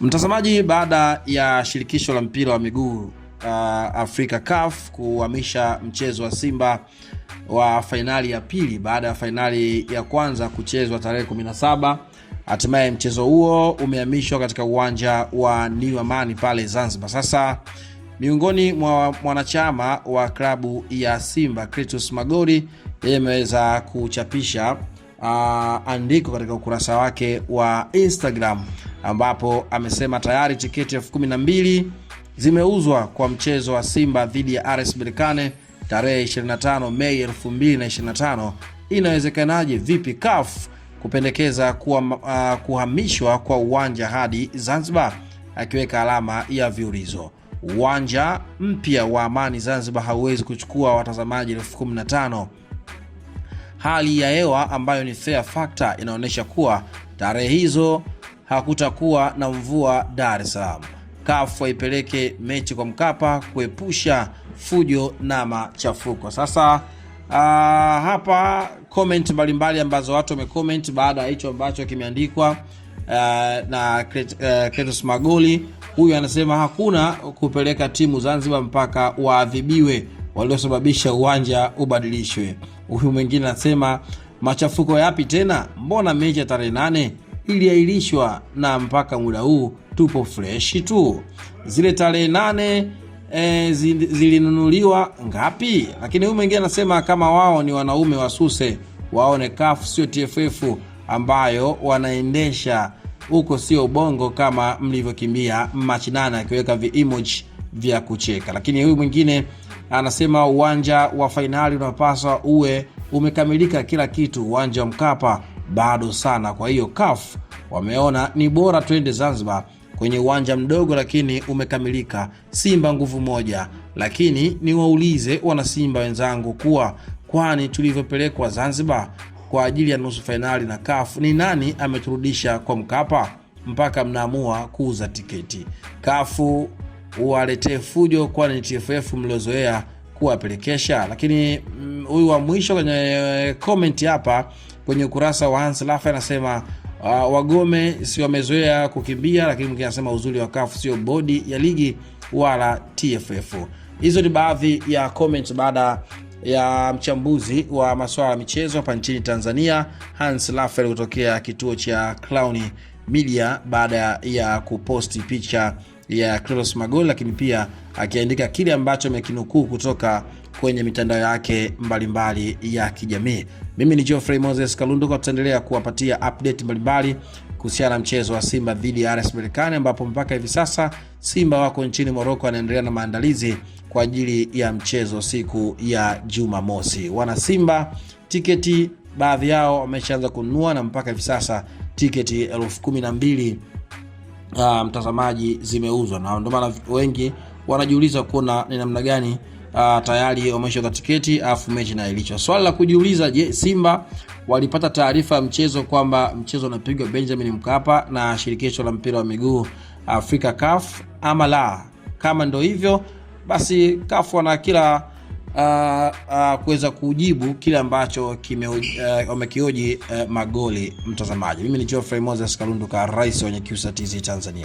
Mtazamaji, baada ya shirikisho la mpira wa miguu uh, Afrika CAF kuhamisha mchezo wa Simba wa fainali ya pili baada ya fainali ya kwanza kuchezwa tarehe 17, hatimaye mchezo huo umehamishwa katika uwanja wa New Amani pale Zanzibar. Sasa miongoni mwa mwanachama wa klabu ya Simba Kritus Magori, yeye ameweza kuchapisha uh, andiko katika ukurasa wake wa Instagram ambapo amesema tayari tiketi elfu kumi na mbili zimeuzwa kwa mchezo wa Simba dhidi ya RS Berkane tarehe 25 Mei 2025. Inawezekanaje vipi CAF kupendekeza kuwa, uh, kuhamishwa kwa uwanja hadi Zanzibar? Akiweka alama ya viurizo, uwanja mpya wa Amani Zanzibar hauwezi kuchukua watazamaji elfu kumi na tano. Hali ya hewa ambayo ni fair factor inaonyesha kuwa tarehe hizo hakutakuwa na mvua Dar es Salaam. CAF waipeleke mechi kwa Mkapa kuepusha fujo na machafuko. Sasa Uh, hapa comment mbalimbali ambazo watu wamecomment baada ya hicho ambacho kimeandikwa uh, na ah, Kretos uh, Magoli huyu anasema hakuna kupeleka timu Zanzibar mpaka waadhibiwe waliosababisha uwanja ubadilishwe. Huyu mwingine anasema machafuko yapi tena? Mbona mechi ya tarehe nane iliahirishwa na mpaka muda huu tupo freshi tu. Zile tarehe nane e, zilinunuliwa ngapi? Lakini huyu mwingine anasema kama wao ni wanaume wasuse waone CAF sio TFF ambayo wanaendesha huko, sio ubongo kama mlivyokimbia Machi nane, akiweka viemoji vya kucheka. Lakini huyu mwingine anasema uwanja wa fainali unapaswa uwe umekamilika kila kitu, uwanja wa Mkapa bado sana. Kwa hiyo CAF wameona ni bora twende Zanzibar kwenye uwanja mdogo lakini umekamilika. Simba nguvu moja, lakini niwaulize wanasimba wenzangu kuwa kwani tulivyopelekwa Zanzibar kwa ajili ya nusu fainali na CAF ni nani ameturudisha kwa Mkapa mpaka mnaamua kuuza tiketi? CAF uwaletee fujo, kwani TFF mliozoea kuwapelekesha. Lakini mm, huyu wa mwisho kwenye komenti eh, hapa kwenye ukurasa wa Hans anasema uh, wagome si wamezoea kukimbia, lakini mwingine anasema uzuri wa kafu sio bodi ya ligi wala TFF. Hizo ni baadhi ya comments baada ya mchambuzi wa masuala ya michezo hapa nchini Tanzania Hans lafel kutokea kituo cha clowni Media baada ya kuposti picha ya Clatous Magoli, lakini pia akiandika kile ambacho amekinukuu kutoka kwenye mitandao yake mbalimbali ya kijamii. Mimi ni Geoffrey Moses Kalunduka, tutaendelea kuwapatia update mbalimbali kuhusiana na mchezo wa Simba dhidi ya RS Berkane, ambapo mpaka hivi sasa Simba wako nchini Moroko, wanaendelea na maandalizi kwa ajili ya mchezo siku ya Jumamosi. Wana Simba tiketi baadhi yao wameshaanza kununua na mpaka hivi sasa tiketi elfu kumi na mbili uh, mtazamaji zimeuzwa, na ndio maana wengi wanajiuliza kuona ni namna gani Uh, tayari wameshauza tiketi afu mechi na ilicho swali la kujiuliza, je, Simba walipata taarifa ya mchezo kwamba mchezo unapigwa Benjamin Mkapa na shirikisho la mpira wa miguu Afrika CAF ama la? Kama ndio hivyo basi kafu wana kila uh, uh, kuweza kujibu kile ambacho wamekioji uh, uh, magoli mtazamaji. Mimi ni Geoffrey Moses Kalunduka, rais wa Nyakyusa TZ Tanzania.